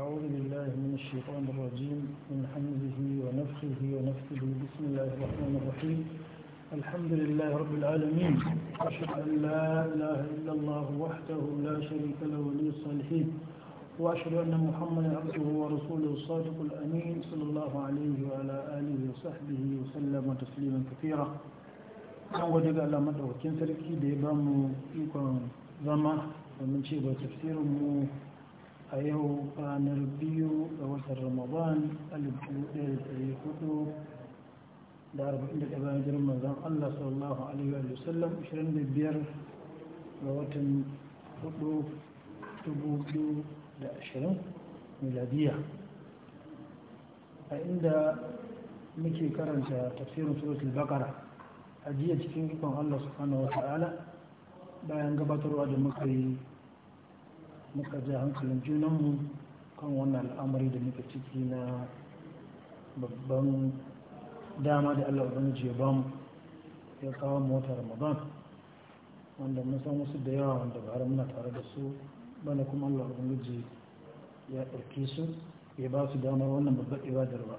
أعوذ بالله من الشيطان الرجيم من حمده ونفخه ونفخه بسم الله الرحمن الرحيم الحمد لله رب العالمين أشهد أن لا إله إلا الله وحده لا شريك له ولي الصالحين وأشهد أن محمدا عبده ورسوله الصادق الأمين صلى الله عليه وعلى آله وصحبه وسلم تسليما كثيرا بالله من مدعو كنت لك ديبام يكون زمان ومن شيء تفسير مو a yau ranar biyu ga watan ramadan da arba'in da ɗaya girman zan Allah sallallahu alaihi wa sallam 25 ga watan 4 2020 miladiya a inda muke karanta tafsirin suratul bakara a jiya cikin ikon Allah subhanahu wa ta'ala bayan gabatarwa da muka yi muka ja hankalin junanmu kan wannan al'amari da muka ciki na babban dama da allah ubangiji ya bamu ya kawo mota ramadan wanda mun san wasu da yawa wanda ba muna tare da su bana kuma allah ubangiji ya ɗauke su ya ba su damar wannan babbar ibadar ba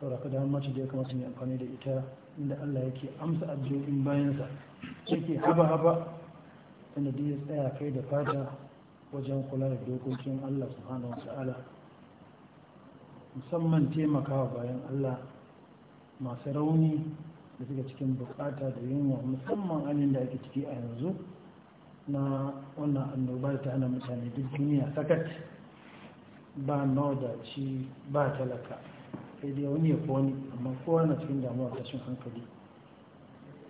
saboda ka damar mace da ya kamata yi amfani da ita inda allah yake amsa addu'o'in bayansa yake haba haba inda ya tsaya kai da fata wajen kula da dokokin Allah subhanahu wa ta'ala musamman taimakawa bayan Allah masu rauni da suka cikin bukata da yunwa musamman halin da ake ciki a yanzu na wannan annoba ta hana mutane duk duniya sakat ba mawadaci ba talaka sai dai wani ya wani amma kowa na cikin damuwa tashin hankali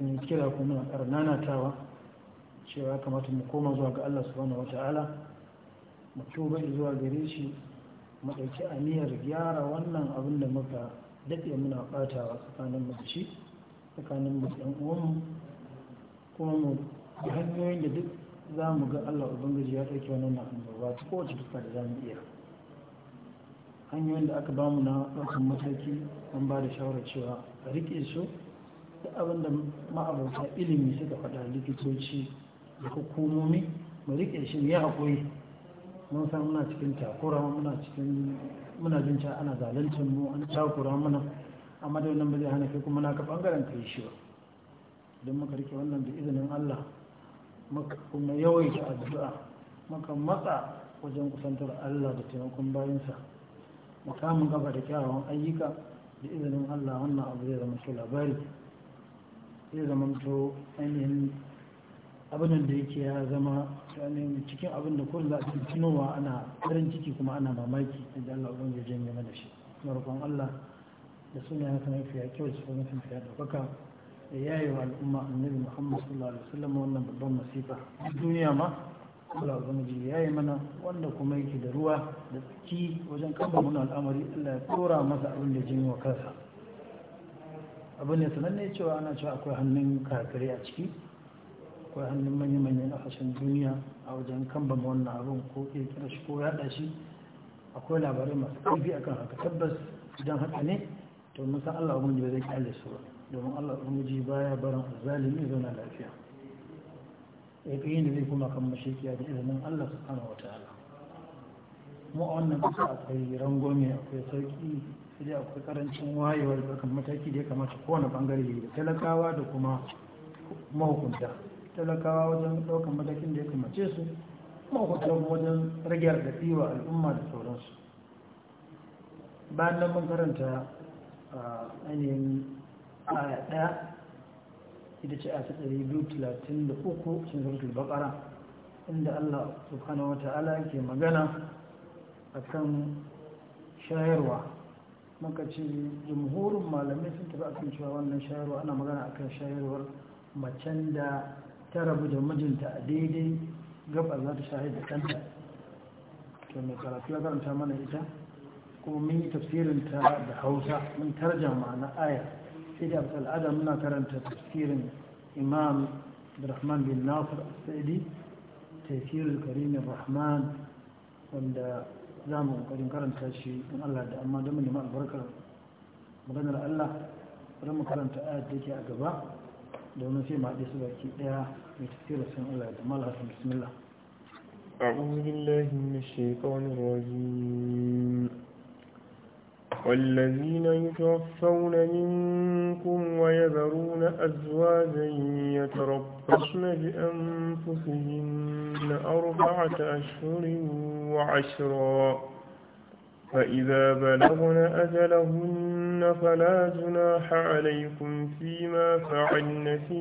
in kira kuma a nanatawa cewa kamata mu koma zuwa ga Allah subhanahu wata'ala Mutum tuba zuwa gare shi mu ɗauki aniyar gyara wannan abin da muka daɗe muna a tsakanin mu tsakanin mu ɗan uwanmu kuma mu hanyoyin da duk za mu ga Allah Ubangiji ya ɗauki wannan annoba ta kowace fuska da za mu iya hanyoyin da aka bamu na ɗaukar mataki an ba da shawarar cewa a riƙe su da abin da ma'abauta ilimi suka faɗa likitoci da hukumomi mu riƙe shi ya haƙuri mun san muna cikin takura muna cikin muna jin cewa ana zaluncin mu an takura muna amma da wannan ba zai hana kai kuma na ka bangaren ka yi shi ba don muka rike wannan da izinin Allah muka kuma yawaita addu'a muka matsa wajen kusantar Allah da taimakon bayansa mukamin gaba da kyawawan ayyuka da izinin Allah wannan abu zai zama shi labari zai zama to ainihin abin da yake ya zama cikin abin da kuma za a tunowa ana farin ciki kuma ana mamaki da Allah ubangiji ya janye mana shi markon Allah da suna ya kuma ya kyau su kuma sun fiya ɗaukaka da yi wa al'umma annabi Muhammad sallallahu alaihi wasallam wannan babban masifa duniya ma Allah ubangiji ya yi mana wanda kuma yake da ruwa da tsaki wajen kamba mana al'amari Allah ya tura masa abin da janye wa kansa abin ne sananne cewa ana cewa akwai hannun kakare a ciki akwai hannun manya-manyan duniya a wajen ma wannan abin ko kira shi ko yada shi akwai labarai masu ƙarfi akan haka tabbas idan haka ne to musan allah da ba zai kyale su ba domin allah ba baya barin zalimi zauna lafiya ya ƙi da zai kuma kan mashikiya da izinin allah su subhanahu wata ala mu a wannan kusa akwai rangome akwai sauki sai akwai karancin wayewar da mataki da ya kamata kowane bangare da talakawa da kuma mahukunta talakawa wajen ɗaukar matakin da ya kamace su mahukunta wajen rage gaɗi wa al'umma da sauransu bayan nan mun karanta ainihin aya ɗaya ita ce a ta ɗari biyu talatin da uku cikin zartul bakara inda allah subhanahu wa ta'ala ke magana a kan shayarwa muka ce jumhurin malamai sun tafi akan cewa wannan shayarwa ana magana akan shayarwar macen da ta rabu da mijinta a daidai gaba za ta shahi da kanta to mai karatu ya karanta mana ita kuma mun yi tafsirin ta da hausa mun tarjan ma'ana aya sai da al'ada muna karanta tafsirin imam rahman bin nasir al-sa'idi tafsir al-karim rahman wanda za mu kokarin karanta shi in Allah da amma don mu neman albarkar maganar Allah bari mu karanta aya da ke a gaba domin sai ma su baki daya mai tafiyar sun Allah da malhasan bismillah أعوذ الله من الشيطان الرجيم والذين يتوفون منكم ويذرون أزواجا يتربصن بأنفسهن أربعة أشهر وعشرا فإذا بلغن أجلهن فلا جناح عليكم فيما فعلن في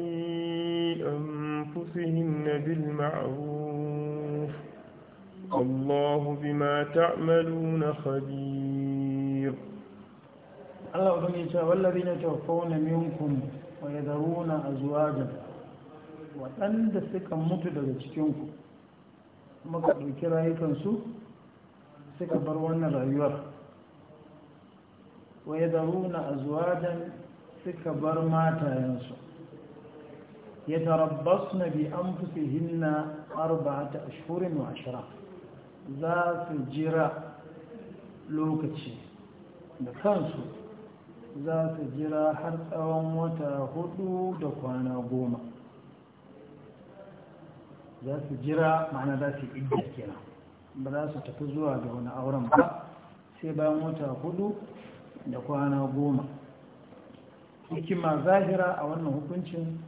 أنفسهن بالمعروف الله بما تعملون خبير الله أبنيتا والذين توفون منكم ويذرون أزواجا وأن دسك متدرج كنكم مكتب كرايكم سوء suka bar wannan rayuwar wa ya zaruna azwajan suka bar matayensu ya tarabbas na bi arba ta ashirin wa ashira za su jira lokaci da kansu za su jira har tsawon wata hudu da kwana goma za su jira ma'ana za su iya kenan ba za su tafi zuwa da wani auren ba sai bayan wata hudu da kwana goma hikima zahira a wannan hukuncin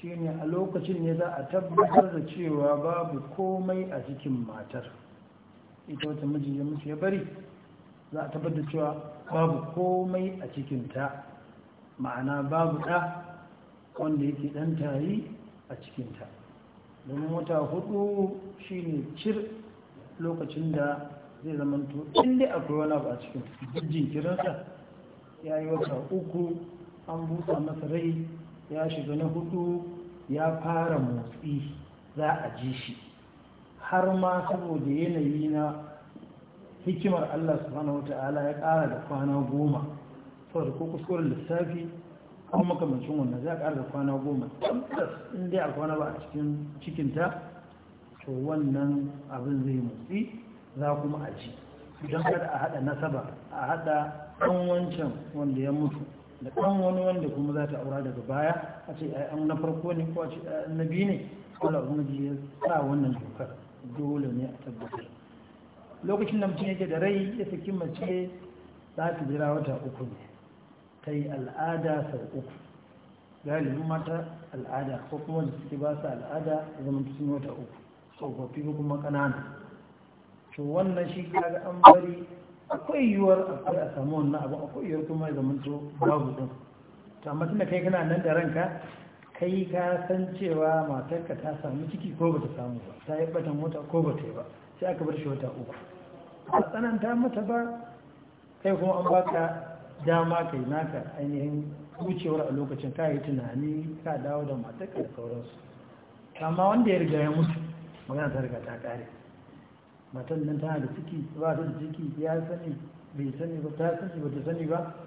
shi ne a lokacin ne za a tabbatar da cewa babu komai a cikin matar ita wata miji ya mutu ya bari za a tabbatar da cewa babu komai a cikinta ma'ana babu ɗa wanda yake ɗan tari a cikinta domin wata hudu ne cir lokacin da zai zama to inda akwai wani abu a cikin jirgin kiransa ya yi wata uku an busa masa rai ya shiga na hudu ya fara motsi za a ji shi har ma saboda yanayi na hikimar Allah subhanahu wata'ala ya ƙara da kwana goma saboda ko kuskuren lissafi an makamancin wannan za a ƙara da kwana goma tabbas inda akwai wani ba a cikin cikinta to wannan abin zai motsi za kuma a ci don kada a haɗa nasaba a haɗa ɗan wancan wanda ya mutu da ɗan wani wanda kuma za ta aura daga baya a ce an na farko ne ko a ce na biyu ne kawai ubangiji ya sa wannan dokar dole ne a tabbatar lokacin da mutum yake da rai ya saki mace za ta jira wata uku ne ta yi al'ada sau uku galibin mata al'ada ko kuma da suke ba su al'ada zama cikin wata uku tsofaffi ko kuma ƙanana to wannan shi kaga an bari akwai yiwuwar akwai a samu wannan abu akwai yiwuwar kuma ya zamanto babu din to amma tunda kai kana nan da ranka kai ka san cewa matarka ta samu ciki ko bata samu ba ta yi batan mota ko bata yi ba sai aka bar shi wata uku a tsananta mata ba kai kuma an baka dama ka yi naka ainihin wucewar a lokacin ka yi tunani ka dawo da matarka da sauransu amma wanda ya riga ya mutu magana ta riga ta kare matan nan tana da ciki ba ta da ciki ya sani bai sani ba ta sani ba ta sani ba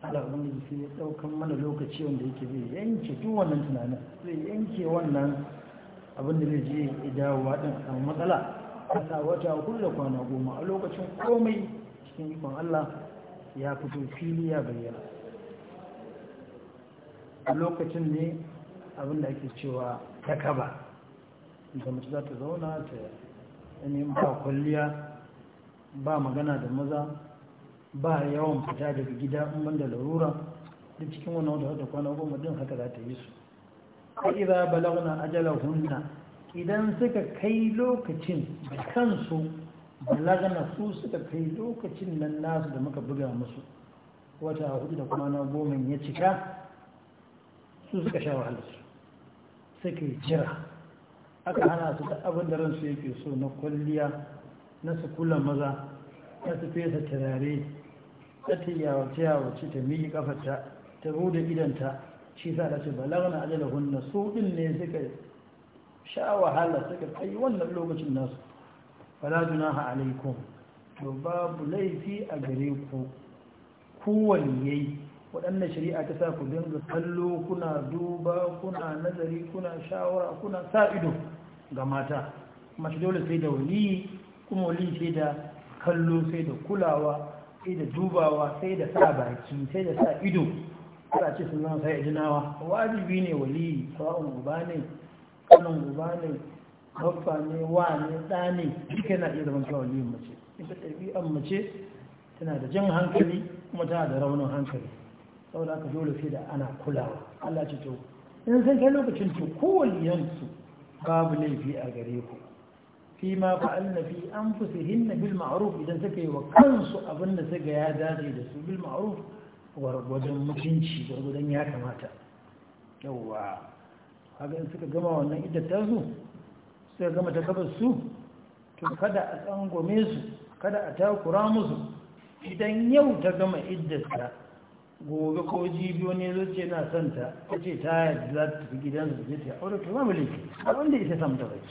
Allah sai ya daukan mana lokaci wanda yake zai yanke tun wannan tunanin zai yanke wannan abin da zai je ya dawo din a matsala kasa wata da kwana goma a lokacin komai cikin ikon Allah ya fito fili ya bayyana a lokacin ne abin da ake cewa takaba da mace za ta zauna ta yi ba kwalliya ba magana da maza ba yawan fita daga gida in banda larura da cikin wannan wata wata kwana goma din haka za ta yi su ƙa'ira balaguna ajala hunna idan suka kai lokacin da kansu balagana su suka kai lokacin nan nasu da muka buga musu wata hudu da kwana goma ya cika su suka sha wahalarsu suka yi jira aka hana su da abin da ransu yake so na kwalliya na su maza na su fesa turare ta ta yawace yawace ta miƙi kafarta ta rude idanta shi sa da ce na ajiyar hunna su din ne suka sha wahala suka kai wannan lokacin nasu juna ha alaikum to babu laifi a gare ku kowanne waɗannan shari'a ta sa ku dinga kallo kuna duba kuna nazari kuna shawara kuna sa ido ga mata mace dole sai da wali kuma wali sai da kallo sai da kulawa sai da dubawa sai da sa baki sai da sa ido kada ce sun zama sai jinawa wajibi ne wali sawa'un guba ne kanan guba ne haffa ne wa ne ɗa ne duka yana iya zama waliyin mace ita ɗabi'an mace tana da jan hankali kuma tana da raunin hankali saboda ka dole sai da ana kulawa Allah ce to in san kai lokacin to kowanniyansu babu laifi a gare ku fi ma fa'alna fi na bil ma'ruf idan suka yi wa kansu abin da suka ya dace da su bil ma'ruf gwargwadon mutunci gwargwadon ya kamata yawwa haka in suka gama wannan idan ta su suka gama ta su to kada a tsangwame su kada a takura musu idan yau ta gama iddarsa gobe ko jibi wani zai ce na santa ta ce ta yadda za ta tafi gidansa ta ce aure to ba mu laifi wanda ita sam da baki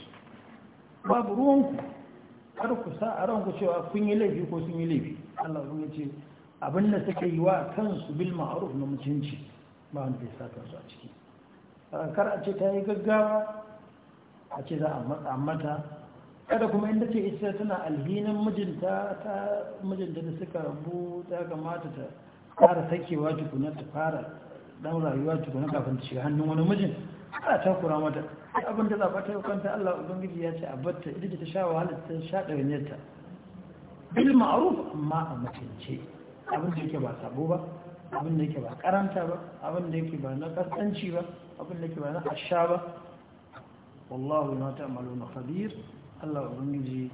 babu ruwanku har ku sa a ranku cewa kun yi laifi ko sun yi laifi Allah ya ce abin da suka yi wa kansu bil ma'aruf na mutunci ba wanda ya sa kansu a ciki ah, kar a ce ta yi gaggawa a ce za a matsa mata kada kuma inda ce ita tana alhinin mijinta ta mijinta da suka rabu ta kamata ta fara sakewa tukuna ta fara dan rayuwa tukuna kafin ta shiga hannun wani mijin ta takura mata abin da zaɓa ta kwanta Allah ubangiji ya ce a batta ita ta sha wahala ta sha ɗawainiyarta bil ma'ruf amma a mutunce abin da yake ba sabo ba abin da yake ba karanta ba abin da yake ba na kasanci ba abin da yake ba na asha ba wallahu ma na khabir Allah ubangiji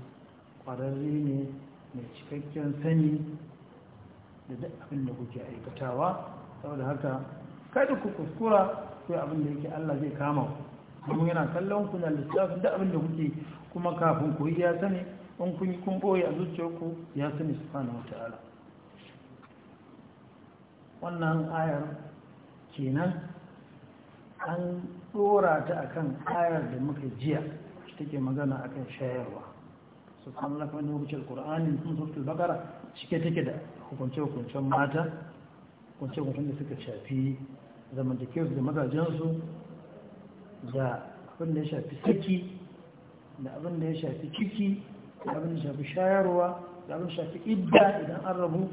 kwararre ne mai cikakken sani da duk abin da kuke aikatawa saboda haka kada ku kuskura ku abin da yake Allah zai kama ku kuma yana kallon ku na lissafin duk abin da kuke kuma kafin ku yi ya sani in kun yi kun boye a zuciyarku ya sani subhanahu ta'ala wannan ayar kenan an dora ta akan ayar da muka jiya take magana akan shayarwa subhanallahi wa ne wucin suratul baqara cike take da hukunce-hukuncen mata hukunce-hukuncen da suka shafi zamantakewarsu da mazajensu da abin da ya shafi saki da abin da ya shafi ciki da abin da ya shafi shayarwa da abin da shafi idda idan an rabu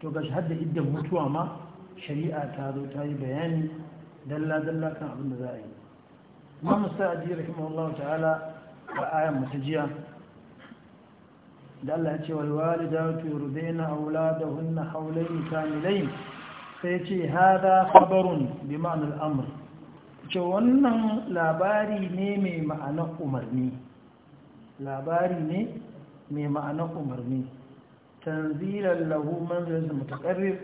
to ga shahadda iddan mutuwa ma shari'a ta zo ta yi bayani dalla-dalla kan abin da za a yi. Mamu sa'adi rahimahullahu ta'ala a ayan jiya. da Allah ya ce wal da yurdina auladahunna hawlayn kamilayn sai ce hada khabarun bi ma'anar amr ce wannan labari ne mai ma'anar umarni labari ne mai ma'anar umarni tanzilan lahu manzilin mutaqarrib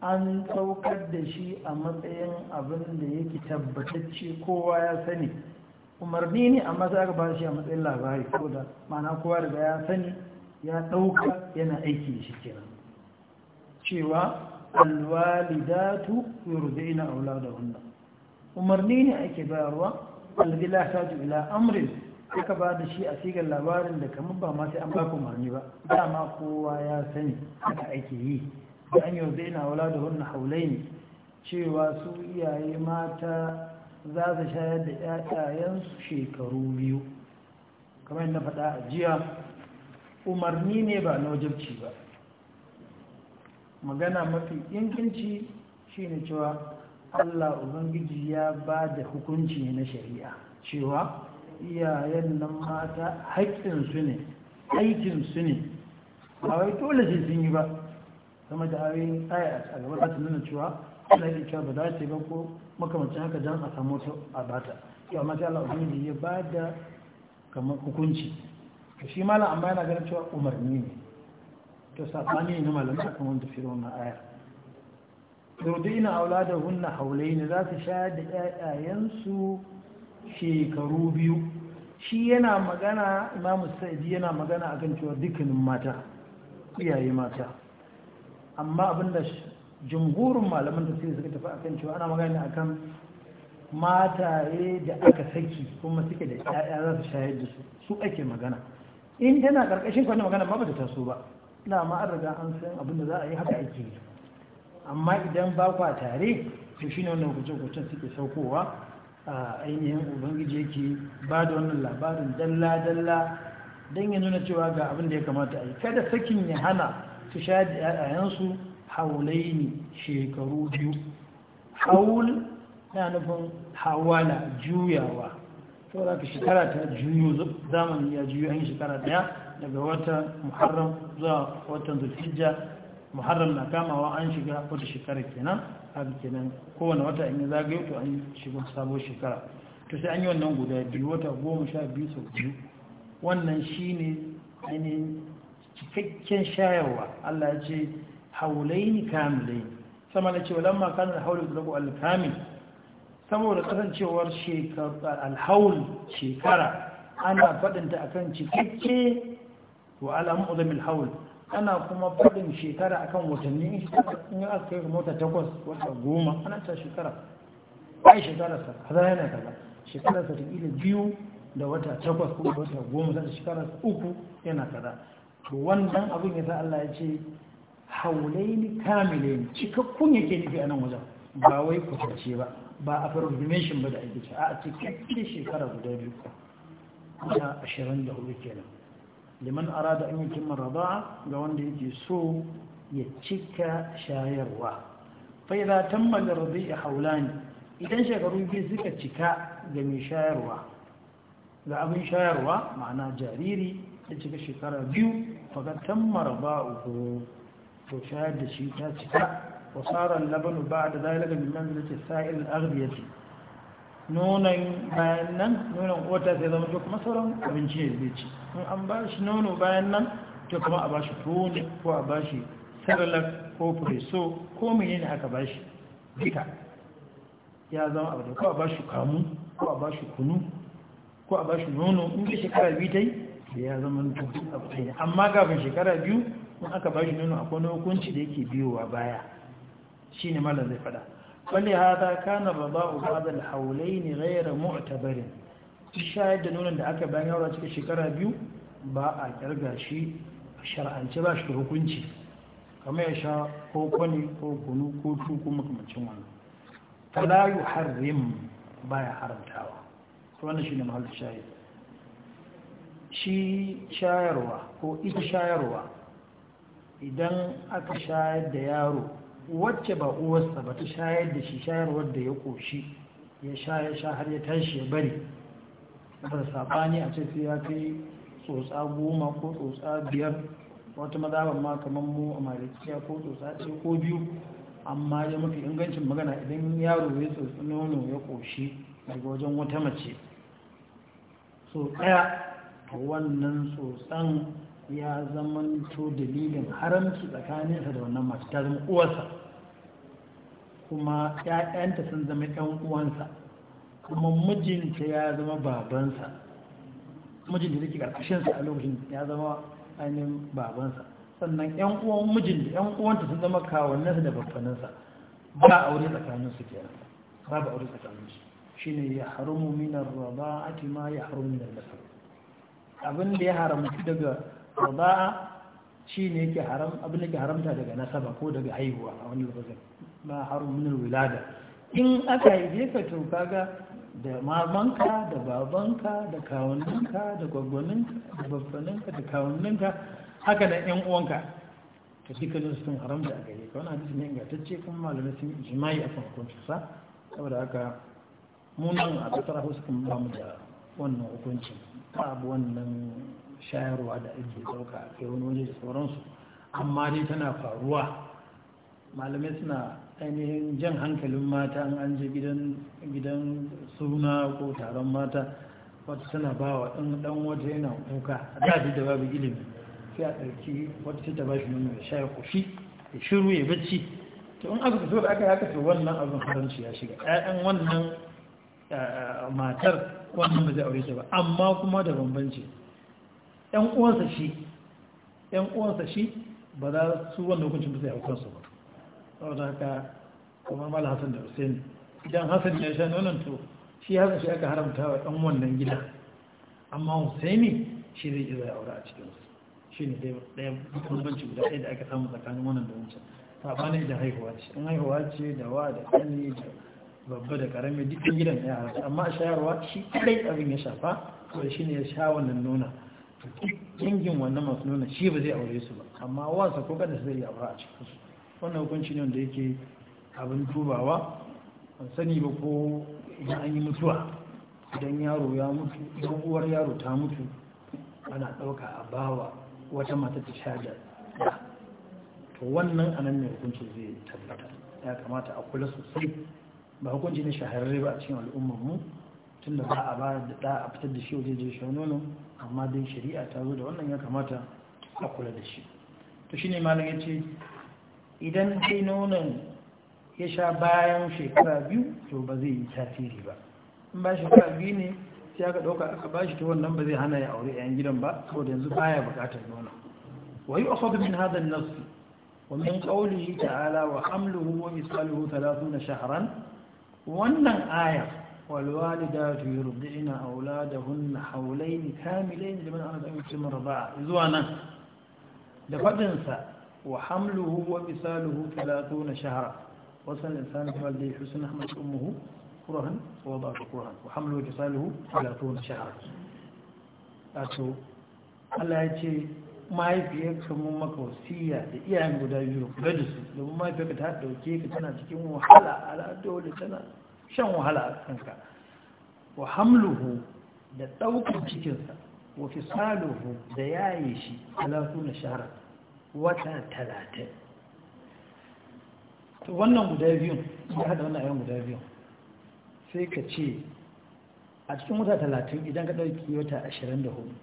an saukar da shi a matsayin abin da yake tabbatacce kowa ya sani umarni ne amma za ka ba shi a matsayin labari ko da ma'ana kowa da ya sani ya ɗauka yana aiki shi kira cewa alwalidatu yurdina auladahunna umarni ne ake bayarwa alladhi la taju ila amrin aka ba da shi a sigar labarin da kamar ba ma sai an ba ku umarni ba dama kowa ya sani aka ake yi da an yurdina auladahunna ne. cewa su iyaye mata za su shayar da 'ya'yayensu shekaru biyu kamar yadda faɗa a jiya umarni ne ba na wajabci ba magana mafi inganci shine cewa Allah Ubangiji ya ba da hukunci na shari'a cewa iyayen nan mata haƙƙinsu ne aikinsu ne ba wai dole shi sun yi ba Kama da ayoyin tsaya a gaba za su nuna cewa ana yi cewa ba za su ba ko makamacin haka don a samu ta a bata amma Allah Ubangiji ya ba da kamar hukunci shi malam amma yana ganin cewa umarni ne to sabani ne na malamai akan wanda fi wannan ayar yurdina auladahunna haulaini za su shayar da ƴaƴayensu shekaru biyu shi yana magana imamu sa'idi yana magana akan cewa dukkanin mata iyaye mata amma abinda jumhurin malaman da suka tafi akan cewa ana magana akan mataye da aka saki kuma suke da ƴaƴa za su shayar da su su ake magana in tana karkashin kwanne magana ba ta taso ba ma an riga an san abin da za a yi haka ake yi amma idan ba kwa tare to shi ne wannan hukuncin suke saukowa a ainihin ubangiji yake ba da wannan labarin dalla-dalla don ya nuna cewa ga abin da ya kamata a yi kada sakin ya hana su sha da yayansu haulai ne shekaru biyu haul na nufin hawala juyawa saboda ka shekara ta juyu zamani ya juyu an yi shekara daya daga wata muharram zuwa watan zulhijja muharram na kamawa an shiga wata shekara kenan haka kenan kowane wata in yi zagaye to an shiga sabo shekara to sai an yi wannan guda biyu wata goma sha biyu sau biyu wannan shi ne ainihin cikakken shayarwa allah ya ce haulai ni kamilai sama na ce walamma kanar haulai zuwa alkamil saboda kasancewar alhaul shekara ana faɗinta akan cikakke wa al'amuzamin haul ana kuma faɗin shekara akan watanni in aka yi mota takwas wata goma ana ta shekara ai shekararsa kaza yana kaza shekararsa ta ila biyu da wata takwas ko da wata goma zata shekararsa uku yana kaza to wannan abin ya sa Allah ya ce haulaini kamilaini cikakkun yake nufi a nan wajen ba wai kusurce ba ba a farfirmeshin ba da ake ce a cikin shekara guda biyu na ashirin da hudu kenan liman arada an yankin maraba ga wanda yake so ya cika shayarwa fai za ta magar zai a haulani idan shekaru biyu suka cika ga mai shayarwa ga abin shayarwa ma'ana jariri ya cika shekara biyu faga maraba uku to shayar da shi ta cika وصار اللبن بعد ذلك من منزلة سائر الأغذية nonon bayan nan nonon wata sai zama to sauran abinci ne zai ci in an ba nono bayan nan a ba shi a ba shi ko preso ko mene ne aka ba shi ya zama abu da ko a ba kamu ko a ba kunu ko a ba nono in ka shekara biyu ta ya zama tuni abu ta amma kafin shekara biyu in aka bashi shi nono akwai hukunci da yake biyowa baya shi ne mala zai fada wani hada kanar raba uba da haulai ne rairar mu'tabarin shayar da nunan da aka bayan yawon cikin shekara biyu ba a kirga shi a ba shi hukunci kamar ya sha ko kwani ko kunu ko tuku makamancin wani fala yu ba ya haramtawa wannan shi ne mahal shayar shi shayarwa ko ita shayarwa idan aka shayar da yaro wacce ba uwarsa ba ta shayar da shi shayarwar da ya ƙoshi ya sha ya sha har ya tashi ya bari da saɓani a ce ya kai tsotsa goma ko tsotsa biyar wata mazaɓar ma kamar mu a malikiya ko tsotsa ce ko biyu amma ya mafi ingancin magana idan yaro ya tsotsi nono ya ƙoshi daga wajen wata mace so ɗaya wannan tsotsan ya zama dalilin haramci tsakaninsa da wannan mace ta zama uwarsa kuma ‘ya'yanta sun zama ‘yan uwansa kuma mijinta ya zama babansa mijinta da ke ƙarƙashinsa a lokacin ya zama ainihin babansa sannan ‘yan uwan mijinta ‘yan uwanta sun zama kawanninsa da babbaninsa ba aure tsakaninsu kenan ba ba aure tsakaninsu shi ne ya haramu minar raba'ati ma ya haramu minar nasar abin da ya haramu daga raba'a shi ne yake haram abin da ke haramta daga nasaba ko daga haihuwa a wani lokacin ma harumin wilada in aka yi ka to kaga da mamanka da babanka da kawuninka da gwagwaninka da babbaninka da kawuninka haka da yan uwanka to shi kanin sun haramta aka gare ka wani hadisi ne ingantacce kuma malamai sun jima'i a kan hukuncinsa saboda haka munan a kasar hausa kuma ba mu da wannan hukuncin ba abu wannan shayarwa da ake ɗauka a kai wani waje da sauransu amma dai tana faruwa malamai suna ainihin jan hankalin mata an an je gidan suna ko taron mata wata tana ba wa ɗan wata yana kuka a daji da babu ilimi sai a ɗauki wata ta ba shi nuna ya shaya kufi ya shiru ya bacci to in aka fito da aka yi aka wannan abin haramci ya shiga ɗayan wannan eh, matar wannan ba zai aure ta ba amma kuma da bambanci ɗan uwansa shi ɗan uwansa shi ba za su wanda hukuncin bisa yawon kansu ba saboda haka kuma mala hassan da hussein idan hassan ya sha nonon to shi hassan shi aka haramta wa ɗan wannan gida amma Hussaini shi zai iya zai aure a cikinsu shi ne ɗaya bambanci guda ɗaya da aka samu tsakanin wannan da wancan ne da haihuwa ce in haihuwa ce da wa da ƙani da babba da ƙarami dukkan gidan ya haramta amma a shayarwa shi kaɗai abin ya shafa to shi ne ya sha wannan nuna dangin wannan masu nuna shi ba zai aure su ba amma wasa ko kada su zai aure a cikin su wannan hukunci ne wanda yake abin tubawa ban sani ba ko idan an yi mutuwa idan yaro ya mutu idan uwar yaro ta mutu ana ɗauka a bawa wata mata ta sha da to wannan anan ne hukunci zai tabbata ya kamata a kula sosai ba hukunci ne shahararre ba a cikin al'ummar mu tun da za a ba da ɗa a fitar da shi waje da shi nono amma dai shari'a ta zo da wannan ya kamata a kula da shi to shine malam ya ce idan dai nonon ya sha bayan shekara biyu to ba zai yi tasiri ba in ba shekara biyu ne sai aka ɗauka aka ba shi ta wannan ba zai hana ya aure yan gidan ba Ko da yanzu baya buƙatar nono wa yi akwai min hadan nasu wa min ƙaulihi ta'ala wa hamluhu wa misaluhu talatuna shahran wannan ayar والوالدات يرضعن أولادهن حولين كاملين لمن أراد أن يتم الرضاعة إذوانا لفضنسا وحمله وبساله ثلاثون شهرا وصل الإنسان والدي حسن أحمد أمه كرها ووضع كرها وحمله وبساله ثلاثون شهرا أتو ألا يتشي ما mahaifiyarka mun maka wasiya da iyayen guda biyu kula da su domin mahaifiyarka ta ɗauke ka tana cikin shan wahala a kanka wa hamluhu da ɗaukar cikinsa wa saluhu da yayi shi talatu shahara wata talatin to wannan guda biyun ya haɗa wannan ayan guda biyun sai ka ce a cikin wata talatin idan ka ɗauki wata ashirin da hudu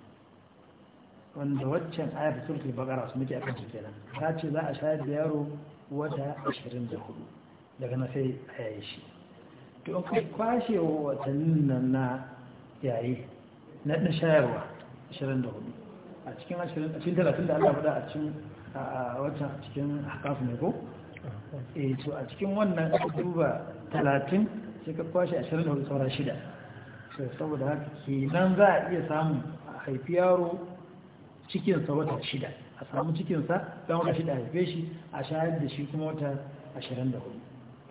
wanda waccan ayar da sulki bakara su muke akan cikin nan ta ce za a shayar da yaro wata ashirin da hudu daga na sai a yayi shi to kai kwashe wa watannin nan na yayi na na shayarwa 24 a cikin 20 a cikin 30 da Allah faɗa a cikin a wata cikin hakafu ne ko eh to a cikin wannan duba 30 sai ka kwashe 24 saura shida so saboda haka kenan za a iya samu a haifi yaro cikinsa wata shida a samu cikinsa don wata shida haife shi a shayar da shi kuma wata 24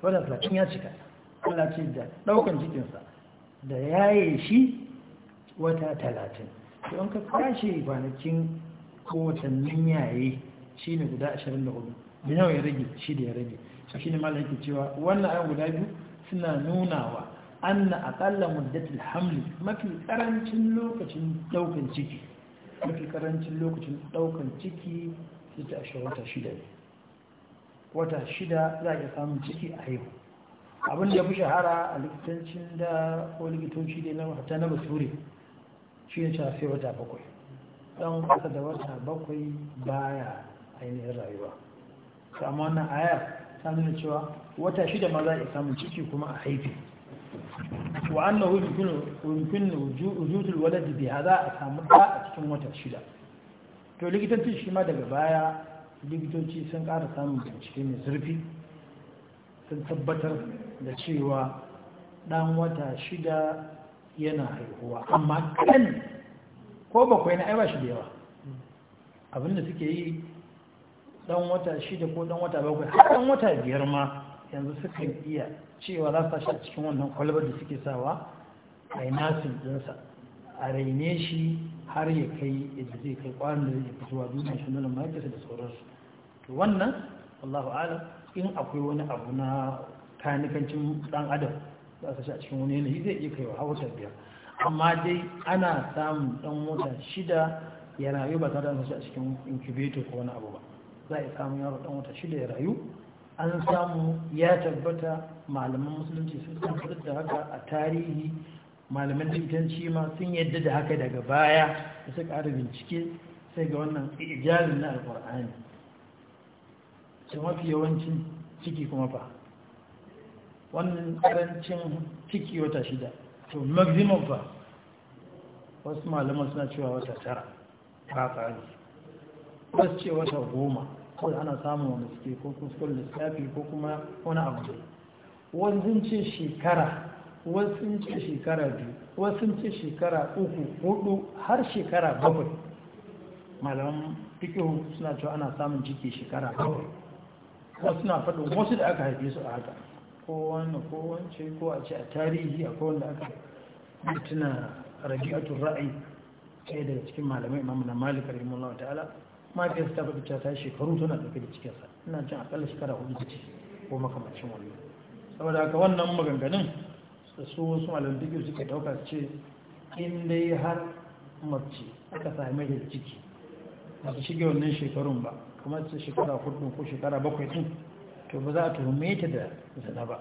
wadda 30 ya cika Allah da ɗaukan cikinsa da yaye shi wata talatin don ka kwashe kwanakin kowatannin yaye shi ne guda ashirin da hudu da yau ya rage shi da ya rage shi shi ne malar cewa wannan ayan guda biyu suna nunawa an na aƙalla muddatul hamli mafi karancin lokacin ciki mafi karancin lokacin ɗaukan ciki sai ta ashirin wata shida ne wata shida za a iya samun ciki a yau abin da ya fi shahara a likitancin da ko likitoci da na hata na basuri shi ne cewa sai wata bakwai don kasa da wata bakwai baya ainihin rayuwa amma wannan ayar ta nuna cewa wata shida ma za a samun ciki kuma a haifi wa na yumkinu wujudul waladi bi za a samu ba a cikin wata shida to likitanci shi ma daga baya likitoci sun ƙara samun bincike mai zurfi sun tabbatar da cewa ɗan wata shida yana haihuwa amma kan ko bakwai na aiba shi da yawa abinda suke yi ɗan wata shida ko ɗan wata bakwai har ɗan wata biyar ma yanzu sukan iya cewa za su shi a cikin wannan kwalbar da suke sawa a yi nasin ɗinsa a raine shi har ya kai yadda zai kai kwanan da zai fitowa duniya shi nuna mahaifisa da sauransu wannan allahu alam in akwai wani abu na kanikancin dan adam za su shi a cikin wani yanayi zai iya kaiwa hawa ta biyar amma dai ana samun dan mota shida ya rayu ba tare da shi a cikin incubator ko wani abu ba za a iya samun yaro dan mota shida ya rayu an samu ya tabbata malaman musulunci sun tabbatar da haka a tarihi malaman likitanci ma sun yadda da haka daga baya da suka ƙara bincike sai ga wannan ijalin na alƙur'ani su mafi yawancin ciki kuma fa wannan karancin ciki wata shida to maximum fa wasu malaman suna cewa wata tara ta tsari wasu ce wata goma ko ana samun wani suke ko kuskul lissafi ko kuma wani abu ne wasu ce shekara wasu ce shekara biyu wasu ce shekara uku hudu har shekara bakwai malaman fikihu suna cewa ana samun ciki shekara bakwai wasu na faɗin wasu da aka haife su a haka ko wani ko wance ko a ce a tarihi a wanda aka mutuna rabi'atul ra'ayi sai daga cikin malamai imamu na malik rahimahullahu ta'ala mafiyarsa ta faɗi ta shekaru tana ɗauke da cikinsa ina jin akalla shekara hudu ta ce ko makamacin wani saboda haka wannan maganganun su wasu malamdigir suke ɗauka ce in dai har mace aka same da ciki ba su shige wannan shekarun ba kamar su shekara hudu ko shekara bakwai tun? to ba za a tuhume ta da zina ba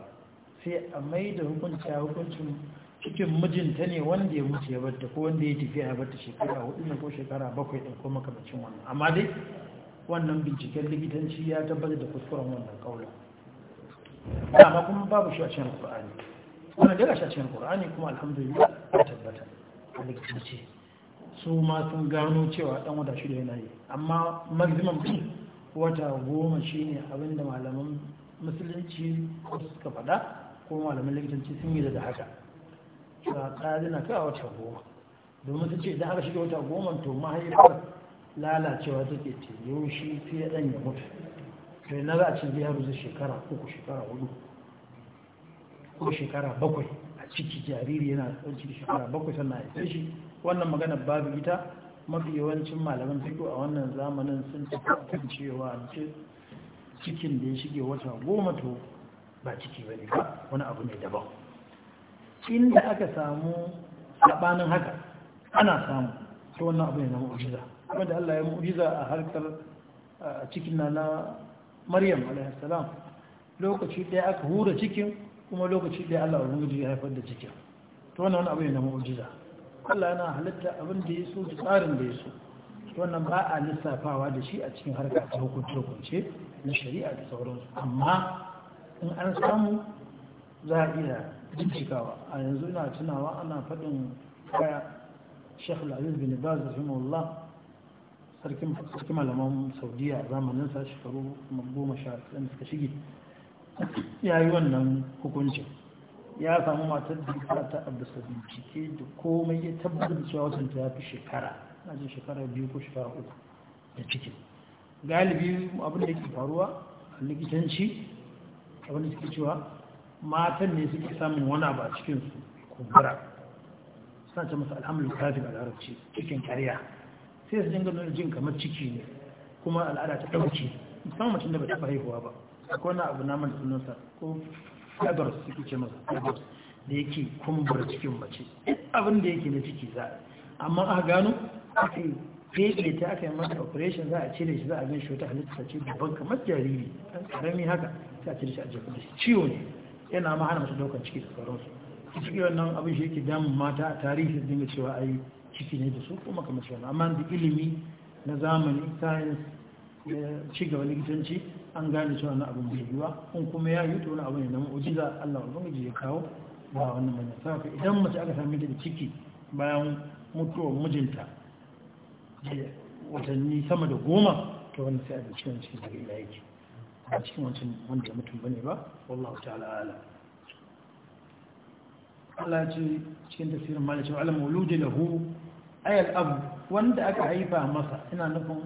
sai a mai da hukunta hukuncin cikin mijinta ne wanda ya mutu ya barta ko wanda ya tafi a barta shekara hudu na ko shekara bakwai ɗin ko makamacin wannan amma dai wannan binciken likitanci ya tabbatar da kuskuren wannan kaula amma kuma babu shi a cikin qur'ani wannan dai ga shi a cikin qur'ani kuma alhamdulillah ya tabbata a likitanci su ma sun gano cewa dan wata da yana yi amma maximum wata goma shine abinda malaman musulunci suka faɗa ko malaman likitanci sun yi da haka cewa ƙadina kai a wata goma domin su ce idan aka shiga wata goma to mahaifar lalacewa ke ce yaushe sai ya ɗan ya mutu to na za a ce biyar zuwa shekara uku shekara hudu ko shekara bakwai a ciki jariri yana ciki shekara bakwai sannan a yi shi wannan magana babu ita mafi yawancin malaman fito a wannan zamanin sun tafi cewa cikin da ya shige wata goma to ba ciki ba ne ba wani abu ne daban inda aka samu sabanin haka ana samu ta wannan abu ne na mu'ujiza kuma da Allah ya mu'ujiza a harkar cikin na na maryam alaihissalam lokaci ɗaya aka hura cikin kuma lokaci ɗaya Allah ya mu'ujiza ya haifar da cikin ta wannan abu ne na mu'ujiza Allah yana halitta abin da ya so da tsarin da ya so wannan ba a lissafawa da shi a cikin harka ta hukunce-hukunce na shari'a da sauransu amma in an samu za a iya bincikawa a yanzu ina tunawa ana faɗin kaya sheikh al'aziz bin baz rahimahullah sarkin malaman saudiya zamanin sa shekaru goma sha suka shige ya yi wannan hukuncin ya samu matar da ya ta abu bincike da komai ya tabbatar da cewa watan ta fi shekara na jin shekara biyu ko shekara uku da cikin galibi abin da ke faruwa a likitanci abin da suke cewa matan ne suke samun wani abu a cikinsu kumbura suna ce masa alhamdul kafin a larabci cikin kariya sai su dinga nuna jin kamar ciki ne kuma al'ada ta ɗauki musamman mutum da ba ta haihuwa ba akwai wani abu na mana sunansa ko fibers su ce masa fibers da yake kumbar cikin mace abin da yake na ciki za a amma a gano aka yi fesle ta aka yi mata operation za a cire shi za a gan shota halitta ce babban kamar jariri ɗan karami haka ta a cire shi a jefa da shi ciwo ne yana ma hana masu ɗaukar ciki da sauransu ciki wannan abin shi yake damun mata a tarihi sun dinga cewa yi ciki ne da su kuma kamar shi amma da ilimi na zamani science eh, ci gaba likitanci an gane cewa na abin bai yiwa kun kuma ya yi tona abin da mu'ujiza Allah ubangiji ya kawo ba wannan manyan saboda idan mace aka sami da ciki bayan mutuwar mijinta watanni sama da goma to wani sai a da cikin cikin da ila yake a cikin wancan wanda mutum bane ba Allah ta ala'ala Allah ya ce cikin tafsirin malik cewa al-mawludi lahu ayal abu wanda aka haifa masa ina nufin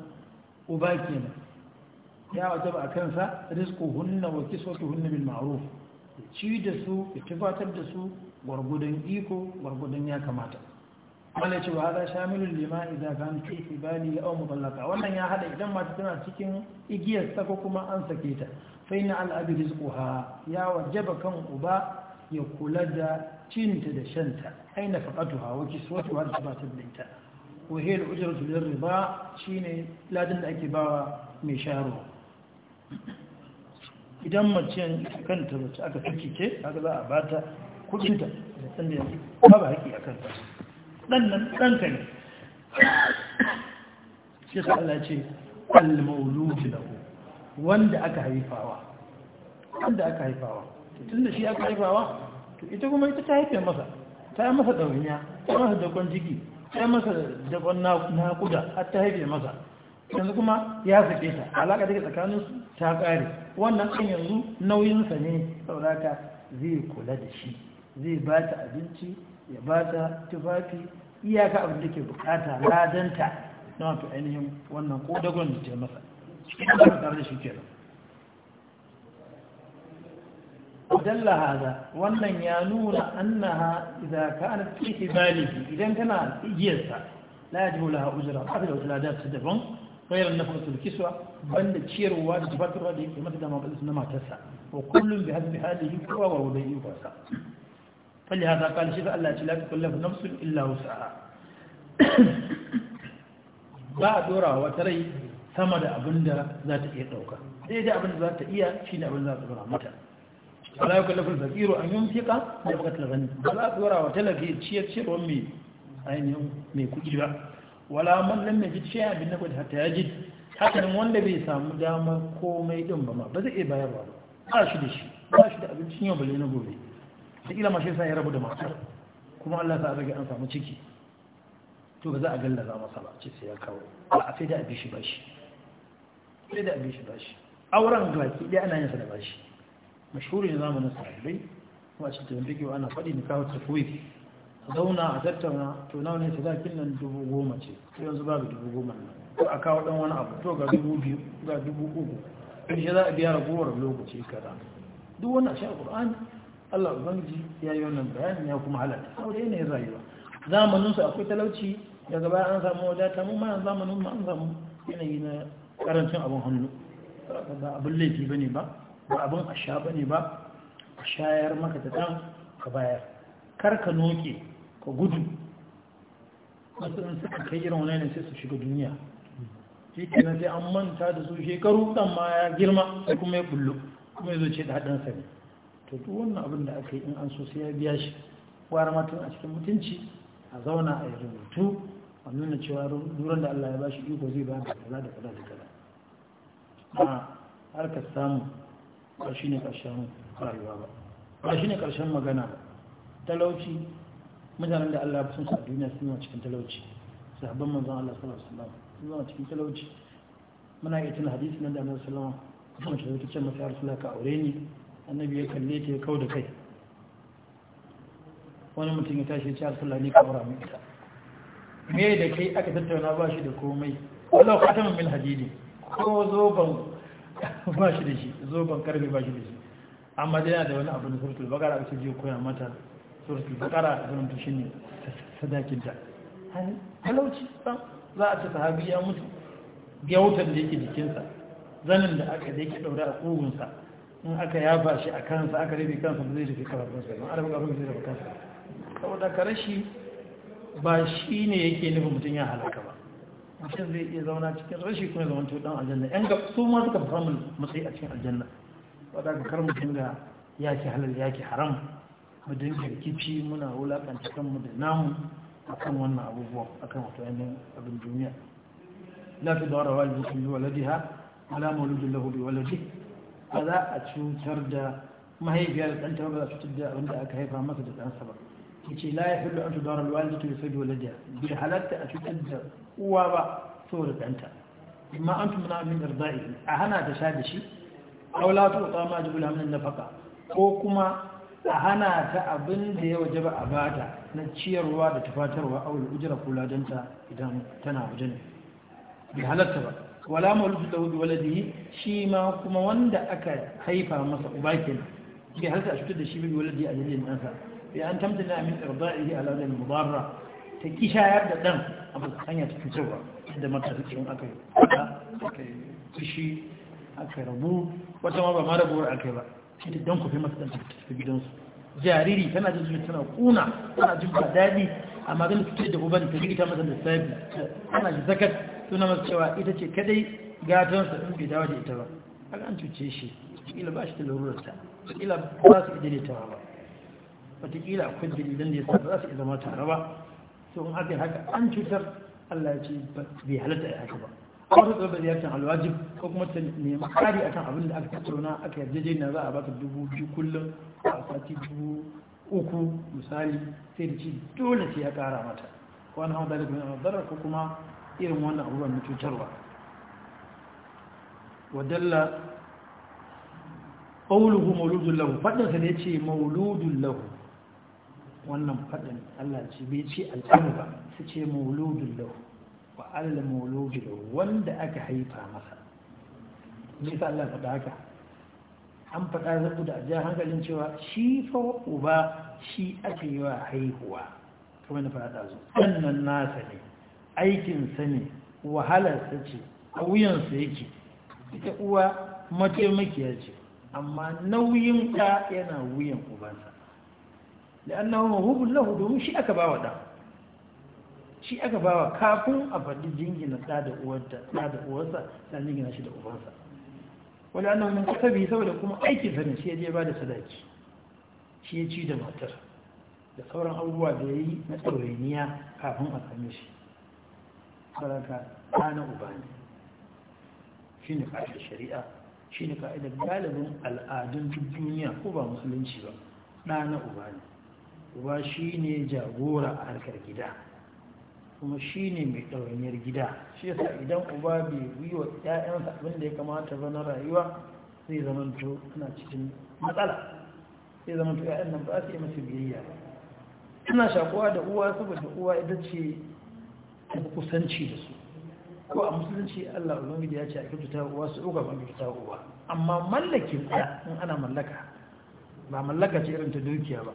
uba kenan ya wajaba a kansa hunna wa hunna bil ma'ruf ci da su ya tufatar da su gwargudan iko gwargudan ya kamata wanda ce wa hada shamilul lima idan kan fi ibali aw wannan ya hada idan mata tana cikin igiyar ta ko kuma an sake ta fa inna al abi rizquha ya wajaba kan uba ya kula da cinta da shanta aina faqatuha wa kiswatuha da ba tablinta wa hiya al ujratu lir riba shine ladin da ake bawa mai sharo idan mace kanta mace aka fi cike, aka za a ba ta kudinta da sanda yanzu ba ba haƙi a kanta ɗannan ɗanta ne shi sa Allah ce al-mauludu lahu wanda aka haifawa wanda aka haifawa tun da shi aka haifawa to ita kuma ita ta haife masa ta yi masa ɗauniya ta masa dakon jiki ta yi masa dakon nakuda har ta haife masa yanzu kuma ya sake ta alaƙa take tsakanin su ta ƙare wannan ɗan yanzu nauyinsa ne sauraka zai kula da shi zai ba ta abinci ya ba ta tufafi iyaka abin da ke bukata ladanta na wato ainihin wannan kodagon da ce masa dalla haza wannan ya nuna annaha ka kanat fi idan kana igiyarsa la yajibu laha ujra haka da wata ladar ta daban غير النفقة والكسوة بند تشير وواد جبات الرادي مثل ما قد اسمه ما وكل بهذب حاله كوى ووليه shi فلهذا قال شيخ الله لا تكلف نفس إلا وسعها ba a dora wata rai sama da abin da za ta iya ɗauka sai da abin za ta iya shi ne abin za ta dora mata wala ya kallafin fakiru an yin fiƙa ba za a dora wa talafi ciyar mai ainihin mai kuɗi ba wala man lam yajid shay'an bin nafi hatta yajid haka nan wanda bai samu damar komai din ba ma ba zai iya bayarwa ba ba shi da shi ba shi da abincin yau bale na gobe da ila mashi sai ya rabu da matar kuma Allah ta rage an samu ciki to ba za a galla za masa ba ce sai ya kawo ba a sai da abin shi ba shi sai da abin shi ba shi auren gaki dai ana yin sa da ba shi mashhurin zamanin sahabbai kuma a cikin da ana faɗi nikahu tafwid zauna a tattauna to nawa ne sadakin nan dubu goma ce to yanzu babu dubu goma nan ko a kawo dan wani abu to ga dubu biyu ga dubu uku in shi za a biya ragowar lokaci kaza duk wannan shi alqur'ani Allah ubangiji ya yi wannan bayani ya kuma halatta saboda yanayin rayuwa zamanin su akwai talauci daga baya an samu wadata mu ma zamanin mu an samu yanayi na karancin abin hannu ba abin laifi bane ba ba abin asha bane ba shayar maka ta dan ka bayar kar ka noke ka gudu masu su a kai irin wani sai su shiga duniya shi nan sai an manta da su shekaru ɗan ma ya girma sai kuma ya bullo kuma ya zo ce da haɗansa ne to duk wannan abin da aka yi in an so sai ya biya shi gwara matan a cikin mutunci a zauna a yi rubutu a nuna cewa duran da Allah ya ba bashi iko zai ba da kaza da kaza da kaza a harkar samu ba shi ne ƙarshen rayuwa ba ba shi ne ƙarshen magana talauci mutanen da Allah sun sa a duniya sun zama cikin talauci sahabban manzon Allah sallallahu alaihi wasallam sun zama cikin talauci muna iya tuna hadisi nan da Annabi sallallahu alaihi wasallam kuma ta ce masa ka aure ni annabi ya kalle ta ya kau da kai wani mutum ya tashi ya ce Rasulullah ni ka aura min ita me da kai aka tattauna ba shi da komai wallahu khatamun min hadidi ko zoban ba shi da shi zoban karbe ba shi da shi amma dai yana da wani abu na surtul bagara aka ce je mata suratul bakara ta zama tushen ne sadakin ta halauci za a ce sahabi ya mutu gyautar da yake jikinsa zanen da aka da yake daura a kugunsa in aka yafa shi a kansa aka rufe kansa ba zai rufe kafafunsa ba a kafin zai rufe kansa saboda ka rashi ba shi ne yake nufin mutum ya halaka ba mutum zai iya zauna cikin rashi kuma zaman to dan aljanna yan ga su ma suka fi samun matsayi a cikin aljanna wadda ka kar mutum ga yaki halal yaki haram mu dinga rikici muna wulakanta kanmu da namu akan wannan abubuwan akan wato yanayin abin duniya da la ta dawara walidin bi waladiha ala mauludin lahu bi waladi ba za a cutar da mahaifiya da ɗanta ba a cutar da abin da aka haifa masa da ɗansa ba ce la ya fi hillu an tudara ta bi sabi waladiha bi halatta a cutar da uwa ba saboda ɗanta amma an tumna da irda'i a hana ta sha da shi aw la tu'ta ma jibul hamdan nafaqa ko kuma a hana ta abin da ya waje ba a bata na ciyarwa da tufatarwa a wani ujira ko ladanta idan tana wajen bai halatta ba wala mawludu lahu bi waladihi shi ma kuma wanda aka haifa masa uba kenan bai halatta a cutar da shi bi waladihi a dalilin ɗansa bai an tamtana min irda'ihi ala dalil mudarra ta kishayar da ɗan a masu hanya cikin cutarwa da mata cikin aka yi aka yi fushi aka rabu wata ma ba ma rabuwar aka yi ba shi don ku fi masu ɗan tafi gidansu jariri tana jin zuwa tana kuna tana jin ba daɗi amma zan fitar da uban ta rikita masa da sabi tana ji zakat suna masu cewa ita ce kadai gatansa in bai dawo da ita ba haka an cuce shi wataƙila ba shi da larurarsa wataƙila ba su iya tawa ba wataƙila akwai dalilan da ya sa ba za su iya zama tare ba so in haka haka an cutar Allah ya ce bai halatta ya haka ba ko ta tsarda ya kan alwajib ko kuma ta nemi kari akan abin da aka na aka yarjejeniya za a baka dubu biyu kullum a sati dubu uku misali sai da ci dole sai ya kara mata Ko wani hau dalibin yana zarar ko kuma irin wannan abubuwan na cutarwa wadalla ƙauluhu mauludun lahu faɗinsa ne ce mauludun lahu wannan faɗin allah ce bai ce al'amu ba su ce mauludun lahu wa alal mauludi wanda aka haifa masa me sa Allah faɗa haka an faɗa zaɓu da ja hankalin cewa shi fa uba shi aka yi wa haihuwa kuma na faɗa zo sannan nasa ne aikinsa ne wahalarsa ce a wuyansa yake ita uwa mataimakiya ce amma nauyin ta yana wuyan ubansa da annahu mahubun lahu domin shi aka ba wa ɗan shi aka bawa kafin a faɗi jingina ɗa da uwarsa ɗan jingina shi da ubansa wani annan mun kasabi saboda kuma aikin sanin shi ya je ba da sadaki shi ya ci da matar da sauran abubuwa da ya yi na tsawainiya kafin a sami shi saraka ɗana uba ne shi ne ƙa'idar shari'a shi ne ƙa'idar galibin al'adun duniya ko ba musulunci ba ɗana uba ne uba shi ne jagora a harkar gida kuma shi ne mai ɗawainiyar gida shi yasa idan uba bai yi wa ‘ya'yansa abin da ya kamata ba na rayuwa zai to ana cikin matsala zai to ‘ya'yan nan ba su yi masu biyayya ina shakuwa da uwa saboda uwa ita ce ta kusanci da su ko a musulunci allah ubangiji ya ce a kyautata uwa su ɗauka ban kyautata uwa amma mallakin ɗaya in ana mallaka ba mallaka ce irin ta dukiya ba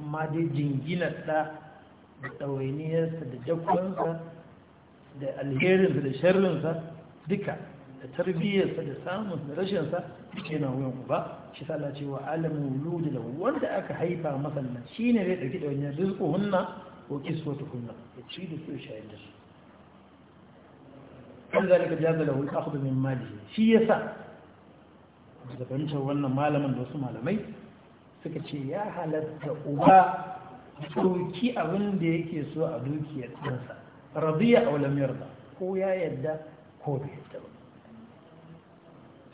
amma dai jingina ɗa da ɗawainiyarsa da jakwansa da alherinsa da sharrinsa duka da tarbiyyarsa da samun da rashinsa duka yana wuyan uba shi sala cewa alamin wuludu da wanda aka haifa masa nan shi ne zai ɗauki ɗawainiyar rizko hunna ko kiswatu hunna ya ci da su shayar da su kan zalika jaza lahu al-akhdhu min mali shi yasa da fahimtar wannan malamin da wasu malamai suka ce ya halatta uba ɗauki abin da yake so a dukiyar ɗansa radiya a miyar yarda ko ya yadda ko bai yadda ba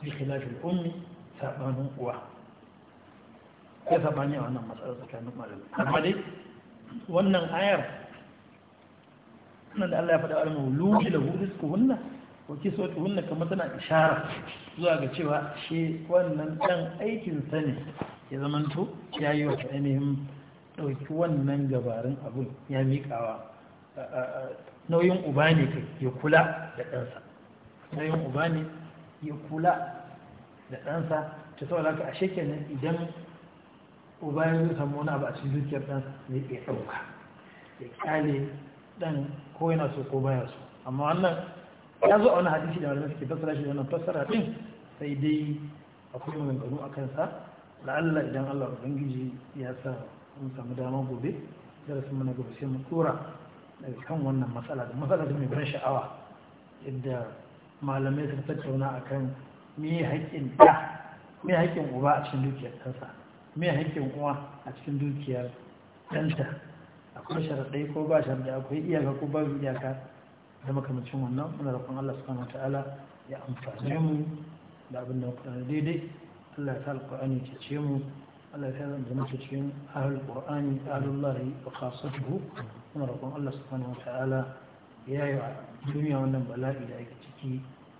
bi khilafin ummi saɓanin uwa ya saɓanin a wannan matsalar tsakanin malamai amma dai wannan ayar nan da Allah ya faɗa alamu lumi da hudu su hunna ko ki sauti hunna kamar tana ishara zuwa ga cewa shi wannan ɗan aikinsa ne ya zamanto ya yi wa ainihin ɗauki wannan gabarin abin ya miƙawa nauyin uba ne kai ya kula da ɗansa nauyin uba ne ya kula da ɗansa ta saboda ka ashe kenan idan uba ya zo samu wani abu a cikin dukiyar ɗansa ne ya ɗauka ya ƙyale ɗan ko yana so ko baya so amma wannan ya zo a wani hadisi da malamai suke fassara shi wannan fassara ɗin sai dai akwai maganganu a kansa la'alla idan Allah Ubangiji ya sa mun samu dama gobe darasin mana gobe sai mu tura daga kan wannan matsala da matsala da mai ban sha'awa yadda malamai sun tattauna akan me haƙƙin da me haƙƙin uba a cikin dukiyar ɗansa me haƙƙin uwa a cikin dukiyar ɗanta akwai sharaɗai ko ba sharaɗai akwai iyaka ko ba iyaka da makamacin wannan muna roƙon Allah subhanahu wataala ya amfane mu da abin da muka daidai Allah ya sa alƙur'ani ya ce mu Allah ya zama zama ta cikin ahlul qur'ani ahlul lahi wa khassatuhu kuma roƙon Allah subhanahu wa ta'ala ya yi duniya wannan bala'i da ake ciki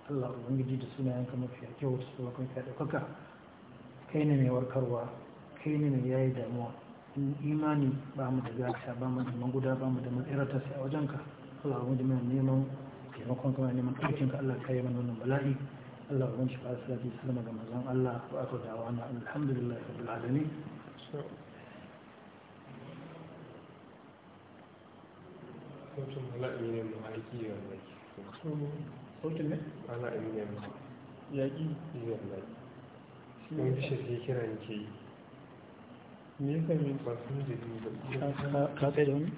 Allah ubangiji da sunayen kamar fiye kyau da suwa kan fiye ɗaukaka kai ne mai warkarwa kai ne mai yayi damuwa in imani ba mu da gasa ba mu da maguda ba mu da matsirata sai a wajenka Allah ubangiji mai neman taimakon kuma neman ɗaukinka Allah ka yi mana wannan bala'i Allah ban shi ƙasa da sallama ga mazan Allah wa aka dawa na alhamdulillah rabbil sautin ne mu yi sautin ne? ne mu yaƙi kira ke yi me ya kai min ba sun jiri ba ka da wani?